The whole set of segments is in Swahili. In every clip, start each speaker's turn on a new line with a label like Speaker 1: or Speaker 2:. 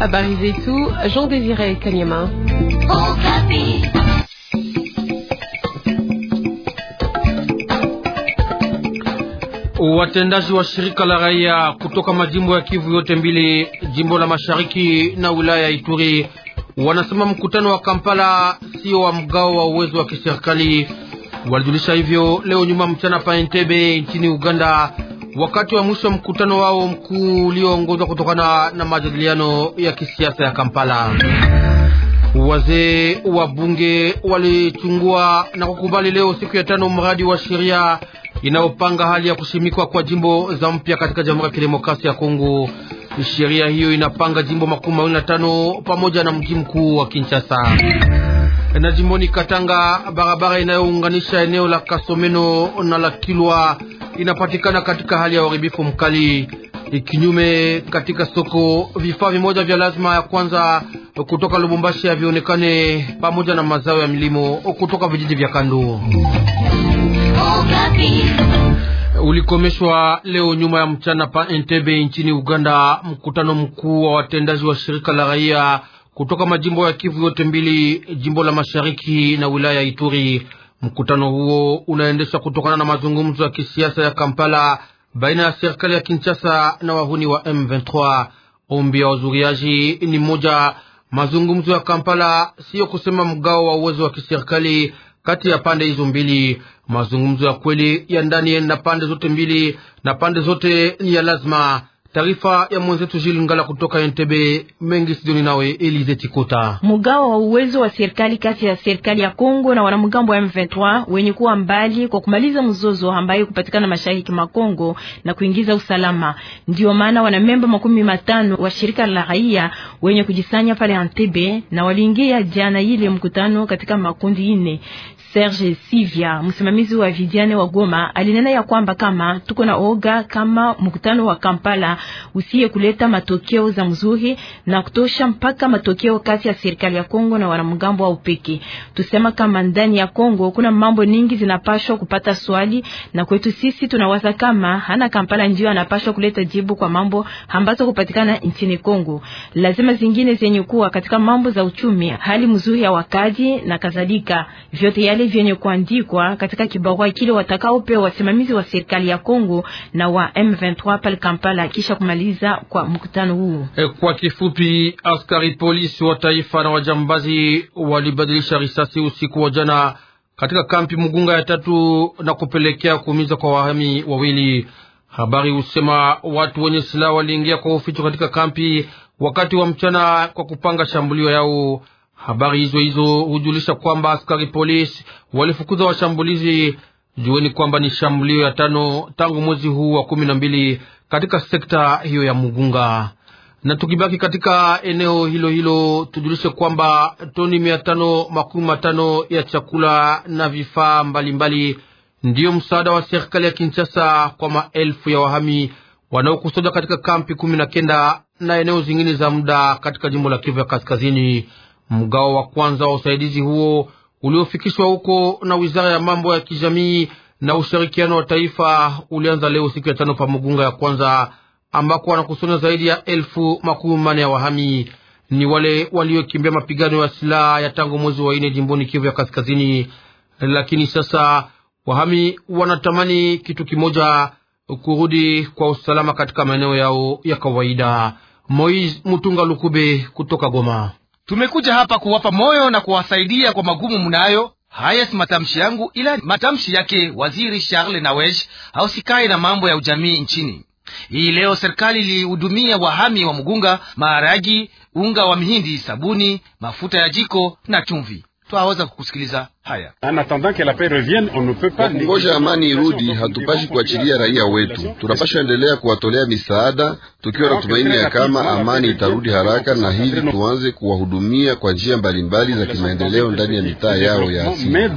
Speaker 1: Habari zetu Jean Désiré Kanyama.
Speaker 2: Watendaji wa shirika la raia kutoka majimbo ya Kivu yote mbili, jimbo la Mashariki na wilaya ya Ituri, wanasema mkutano wa Kampala sio wa mgao wa uwezo wa kiserikali. Walijulisha hivyo leo nyuma mchana pa Entebbe nchini Uganda wakati wa mwisho wa mkutano wao mkuu ulioongozwa kutokana na majadiliano ya kisiasa ya Kampala. Wazee wa bunge walichungua na kukubali leo siku ya tano mradi wa sheria inayopanga hali ya kushimikwa kwa jimbo za mpya katika Jamhuri ya Kidemokrasia ya Kongo. Sheria hiyo inapanga jimbo makumi mawili na tano pamoja na mji mkuu wa Kinshasa. Na jimboni Katanga, barabara inayounganisha eneo la Kasomeno na la Kilwa inapatikana katika hali ya uharibifu mkali. Kinyume katika soko, vifaa vimoja vya lazima ya kwanza kutoka Lubumbashi havionekane pamoja na mazao ya milimo kutoka vijiji vya kando ulikomeshwa leo nyuma ya mchana pa Entebbe nchini Uganda, mkutano mkuu wa watendaji wa shirika la raia kutoka majimbo ya Kivu yote mbili, jimbo la mashariki na wilaya ya Ituri. Mkutano huo unaendeshwa kutokana na mazungumzo ya kisiasa ya Kampala baina ya serikali ya Kinshasa na wahuni wa M23. Ombi ya wazuriaji ni moja, mazungumzo ya Kampala siyo kusema mgao wa uwezo wa kiserikali kati ya pande hizo mbili. Mazungumzo ya kweli ya ndani na pande zote mbili na pande zote ni ya lazima. Taarifa ya mwenzetu Jil Ngala kutoka Entebbe. Mengi sidoni nawe Elize Tikota.
Speaker 1: Mgao wa uwezo wa serikali kati ya serikali ya Kongo na wanamgambo wa M23 wenye kuwa mbali kwa kumaliza mzozo ambayo kupatikana mashariki mwa Kongo na kuingiza usalama. Ndio maana wanamemba makumi matano wa shirika la raia wenye kujisanya pale Entebbe na waliingia jana ile mkutano katika makundi ine. Serge Sivia, msimamizi wa vijana wa Goma, alinena ya kwamba kama tuko na oga kama mkutano wa Kampala usiye kuleta matokeo za mzuri na kutosha mpaka matokeo kati ya serikali ya Kongo na wanamgambo wa upeke. Tusema kama ndani ya Kongo kuna mambo nyingi zinapashwa kupata swali, na kwetu sisi tunawaza kama hana Kampala ndio anapashwa kuleta jibu kwa mambo ambazo kupatikana nchini Kongo. Lazima zingine zenye kuwa katika mambo za uchumi, hali mzuri ya wakaji na kadhalika, vyote yale vile vyenye kuandikwa katika kibarua kile watakaopewa wasimamizi wa serikali ya Kongo na wa M23 pale Kampala kisha kumaliza kwa mkutano huu.
Speaker 2: E, kwa kifupi, askari polisi wa taifa na wajambazi walibadilisha risasi usiku wa jana katika kampi Mugunga ya tatu na kupelekea kuumiza kwa wahami wawili. Habari husema watu wenye silaha waliingia kwa uficho katika kampi wakati wa mchana kwa kupanga shambulio yao. Habari hizo hizo hujulisha kwamba askari polisi walifukuza washambulizi. Jueni kwamba ni shambulio ya tano tangu mwezi huu wa kumi na mbili katika sekta hiyo ya Mugunga. Na tukibaki katika eneo hilo hilo, tujulishe kwamba toni mia tano makumi matano ya chakula na vifaa mbalimbali ndiyo msaada wa serikali ya Kinshasa kwa maelfu ya wahami wanaokusoja katika kampi kumi na kenda na eneo zingine za muda katika jimbo la Kivu ya Kaskazini. Mgao wa kwanza wa usaidizi huo uliofikishwa huko na wizara ya mambo ya kijamii na ushirikiano wa taifa ulianza leo siku ya tano pa Mugunga ya kwanza, ambako wanakusanya zaidi ya elfu makumi mane ya wahami ni wale waliokimbia mapigano ya silaha ya tangu mwezi wa nne jimboni Kivu ya Kaskazini. Lakini sasa wahami wanatamani kitu kimoja, kurudi kwa usalama katika
Speaker 3: maeneo yao ya kawaida. Moise Mutunga Lukube kutoka Goma. Tumekuja hapa kuwapa moyo na kuwasaidia kwa magumu mnayo. Haya si matamshi yangu, ila matamshi yake waziri Charles Nawej hausikaye na mambo ya ujamii nchini. Hii leo serikali ilihudumia wahami wa mgunga, maharagi, unga wa mihindi, sabuni, mafuta ya jiko na chumvi. Twaweza kukusikiliza. Haya, kungoja amani irudi, hatupashi kuachilia raia wetu, tunapasha endelea kuwatolea misaada tukiwa na tumaini ya kama amani itarudi haraka, na hivi tuanze kuwahudumia kwa njia mbalimbali za kimaendeleo ndani ya mitaa yao ya asili.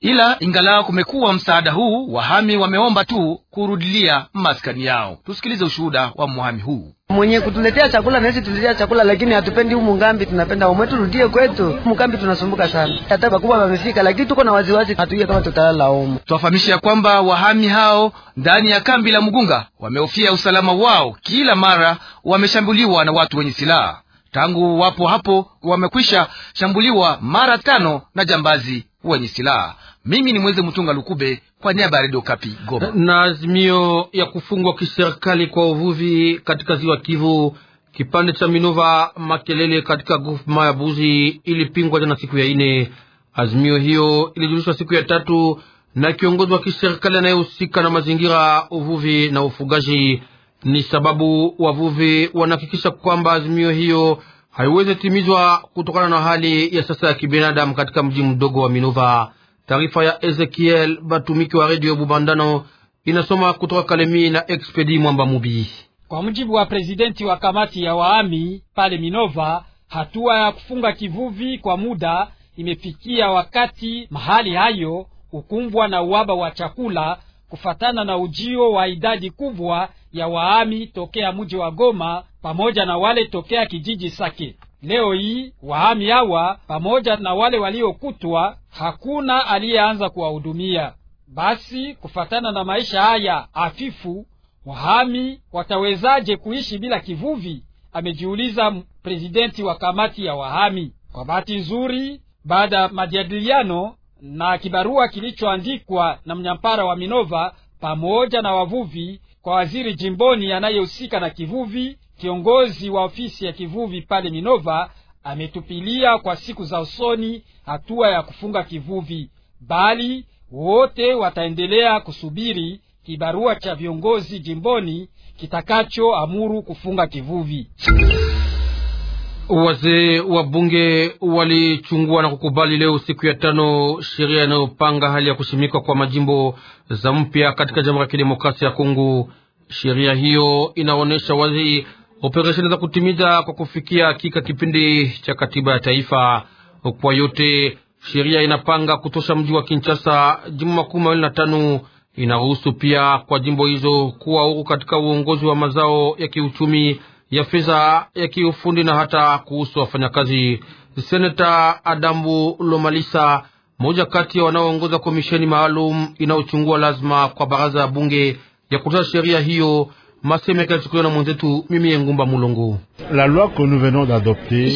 Speaker 3: Ila ingalao kumekuwa msaada huu, wahami wameomba tu kurudilia maskani yao. Tusikilize ushuhuda wa muhami huu
Speaker 4: mwenye kutuletea chakula na sisi tuletea chakula, lakini hatupendi humu ngambi, tunapenda umwe turudie kwetu. Mkambi tunasumbuka sana hata bakubwa wamefika, lakini tuko na waziwazi, hatuye kama tutalala humo.
Speaker 3: Tuwafahamisha ya kwamba wahami hao ndani ya kambi la Mugunga wamehofia usalama wao, kila mara wameshambuliwa na watu wenye silaha. Tangu wapo hapo wamekwisha shambuliwa mara tano na jambazi wenye silaha. Mimi ni Mweze Mtunga Lukube kwa niaba ya Redio Kapi Goma. Na azimio ya kufungwa kiserikali
Speaker 2: kwa uvuvi katika ziwa Kivu, kipande cha Minova Makelele katika gufuma ya Buzi ilipingwa jana siku ya ine Azimio hiyo ilijulishwa siku ya tatu na kiongozi wa kiserikali anayehusika na mazingira, uvuvi na ufugaji. Ni sababu wavuvi wanahakikisha kwamba azimio hiyo haiwezi timizwa kutokana na hali ya sasa ya kibinadamu katika mji mdogo wa Minova. Taarifa ya Ezekiel Batumiki wa Redio Bubandano inasoma kutoka Kalemi na Expedi Mwamba Mubi.
Speaker 4: Kwa mujibu wa prezidenti wa kamati ya waami pale Minova, hatua ya kufunga kivuvi kwa muda imefikia wakati mahali hayo hukumbwa na uhaba wa chakula kufatana na ujio wa idadi kubwa ya wahami tokea mji wa Goma pamoja na wale tokea kijiji Sake. Leo hii wahami hawa pamoja na wale waliokutwa, hakuna aliyeanza kuwahudumia. Basi kufatana na maisha haya hafifu, wahami watawezaje kuishi bila kivuvi? Amejiuliza prezidenti wa kamati ya wahami. Kwa bahati nzuri baada ya majadiliano na kibarua kilichoandikwa na mnyampara wa Minova pamoja na wavuvi kwa waziri jimboni anayehusika na kivuvi, kiongozi wa ofisi ya kivuvi pale Minova ametupilia kwa siku za usoni hatua ya kufunga kivuvi, bali wote wataendelea kusubiri kibarua cha viongozi jimboni kitakachoamuru kufunga kivuvi.
Speaker 2: Wazee wa bunge walichungua na kukubali leo siku ya tano sheria inayopanga hali ya kushimikwa kwa majimbo za mpya katika Jamhuri ya Kidemokrasia ya Kongo. Sheria hiyo inaonyesha wazi operesheni za kutimiza kwa kufikia hakika kipindi cha katiba ya taifa. Kwa yote, sheria inapanga kutosha mji wa Kinshasa jimbo makumi mawili na tano. Inaruhusu pia kwa jimbo hizo kuwa huru katika uongozi wa mazao ya kiuchumi ya fedha ya kiufundi na hata kuhusu wafanyakazi. Seneta Adambu Lomalisa, moja kati ya wanaoongoza komisheni maalum inayochungua lazima kwa baraza ya bunge ya kutoa sheria hiyo Maseme yakachukiwa na mwenzetu Mimie Ngumba Mulongo.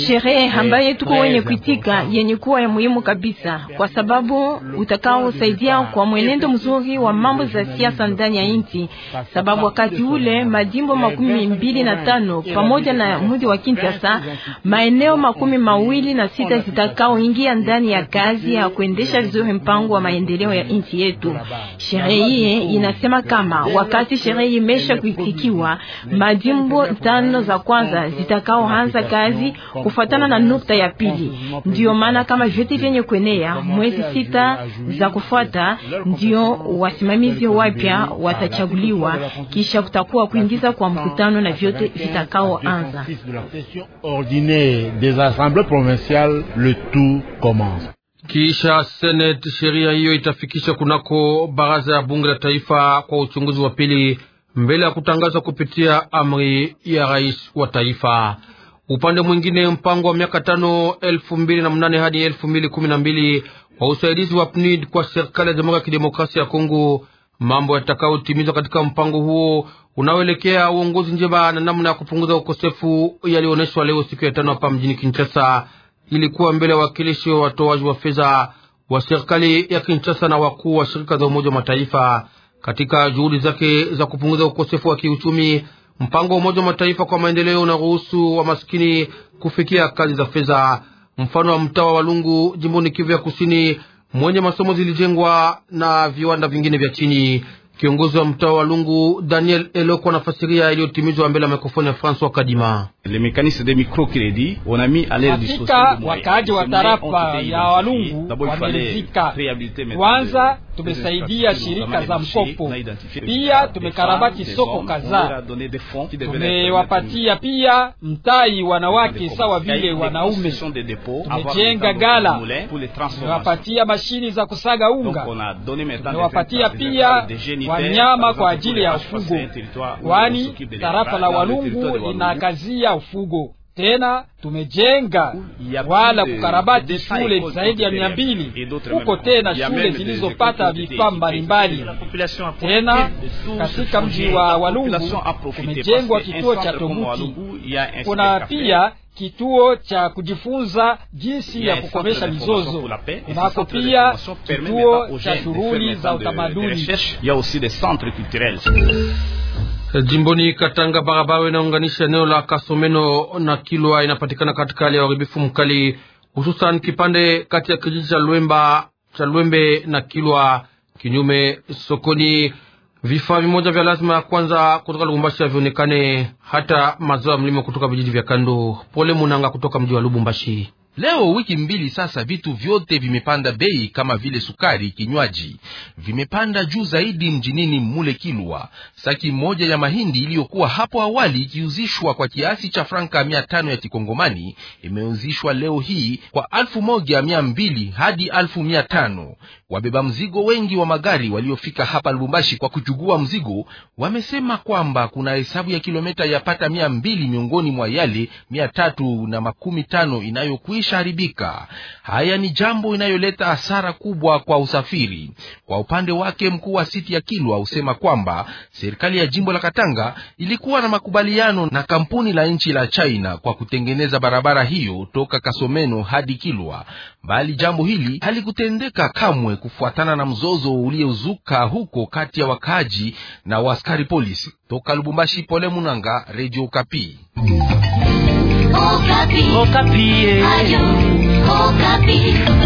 Speaker 2: Sherehe ambayo tuko wenye
Speaker 1: kuitika yenye kuwa ya muhimu kabisa, kwa sababu utakaosaidia kwa mwenendo mzuri wa mambo za siasa ndani ya nchi, sababu wakati ule majimbo makumi mbili na tano pamoja na mji wa Kinshasa, maeneo makumi mawili na sita zitakaoingia ndani ya kazi ya kuendesha vizuri mpango wa maendeleo ya nchi yetu. Sherehe hii inasema kama wakati sherehe imesha kuitika ikiwa mm-hmm. majimbo tano za kwanza zitakaoanza kazi kufuatana na nukta ya pili. Ndiyo maana kama vyote vyenye kuenea mwezi sita za kufuata, ndio wasimamizi wapya watachaguliwa, kisha kutakuwa kuingiza kwa mkutano na vyote vitakaoanza
Speaker 2: kisha Senate sheria hiyo itafikisha kunako baraza ya bunge la taifa kwa uchunguzi wa pili mbele ya kutangazwa kupitia amri ya rais wa taifa. Upande mwingine, mpango wa miaka tano elfu mbili na mnane hadi elfu mbili kumi na mbili wa usaidizi wa PNID kwa serikali ya Jamhuri ya Kidemokrasia ya Kongo, mambo yatakayotimizwa katika mpango huo unaoelekea uongozi njema na namna ya kupunguza ukosefu yalionyeshwa leo siku ya tano hapa mjini Kinshasa. Ilikuwa mbele ya wakilishi wa watoaji wa fedha wa serikali ya Kinshasa na wakuu wa shirika za Umoja wa Mataifa katika juhudi zake za kupunguza ukosefu wa kiuchumi. Mpango wa Umoja wa Mataifa kwa maendeleo na ruhusu wa maskini kufikia kazi za fedha, mfano wa mtaa wa Walungu jimboni Kivu ya Kusini mwenye masomo zilijengwa na viwanda vingine vya chini. Kiongozi wa mtaa wa lungu Daniel Eloko anafasiria
Speaker 3: iliyotimizwa mbele ya mikrofoni ya Francois Kadima. Hakika
Speaker 4: wakaaji wa tarafa ya Walungu wameridhika. Kwanza tumesaidia shirika za mkopo, pia tumekarabati soko kadhaa, tumewapatia pia mtai wanawake sawa vile wanaume, tumejenga gala, tumewapatia mashini za kusaga unga, tumewapatia pia wanyama kwa ajili ya ufugo, kwani tarafa la Walungu linakazia ya ufugo tena tumejenga wala kukarabati shule zaidi ya mia mbili huko tena shule zilizopata vifaa mbalimbali. Tena katika mji wa Walungu kumejengwa kituo cha tomuti.
Speaker 3: Kuna pia
Speaker 4: kituo cha kujifunza jinsi ya kukomesha mizozo, kunako pia kituo cha shughuli za utamaduni.
Speaker 2: Jimboni Katanga, barabara inaunganisha eneo la Kasomeno na Kilwa inapatikana katika hali ya uharibifu mkali, hususan kipande kati ya kijiji cha Lwemba cha Lwembe na Kilwa. Kinyume sokoni, vifaa vimoja vya lazima ya kwanza kutoka Lubumbashi havionekane, hata mazao ya mlima kutoka vijiji vya kando. Pole Munanga kutoka mji wa Lubumbashi.
Speaker 3: Leo wiki mbili sasa, vitu vyote vimepanda bei, kama vile sukari, kinywaji vimepanda juu zaidi mjinini mule Kilwa. Saki moja ya mahindi iliyokuwa hapo awali ikiuzishwa kwa kiasi cha franka mia tano ya kikongomani imeuzishwa leo hii kwa alfu moja mia mbili hadi alfu mia tano. Wabeba mzigo wengi wa magari waliofika hapa Lubumbashi kwa kuchugua mzigo wamesema kwamba kuna hesabu ya kilomita yapata mia mbili miongoni mwa yale mia tatu na makumi tano inayokuisha imeshaharibika. Haya ni jambo inayoleta hasara kubwa kwa usafiri. Kwa upande wake, mkuu wa siti ya Kilwa husema kwamba serikali ya jimbo la Katanga ilikuwa na makubaliano na kampuni la nchi la China kwa kutengeneza barabara hiyo toka Kasomeno hadi Kilwa, bali jambo hili halikutendeka kamwe kufuatana na mzozo uliozuka huko kati ya wakaaji na waskari polisi. Toka Lubumbashi, Pole Munanga, Radio Kapi.
Speaker 1: Okapi. Okapi. Eh.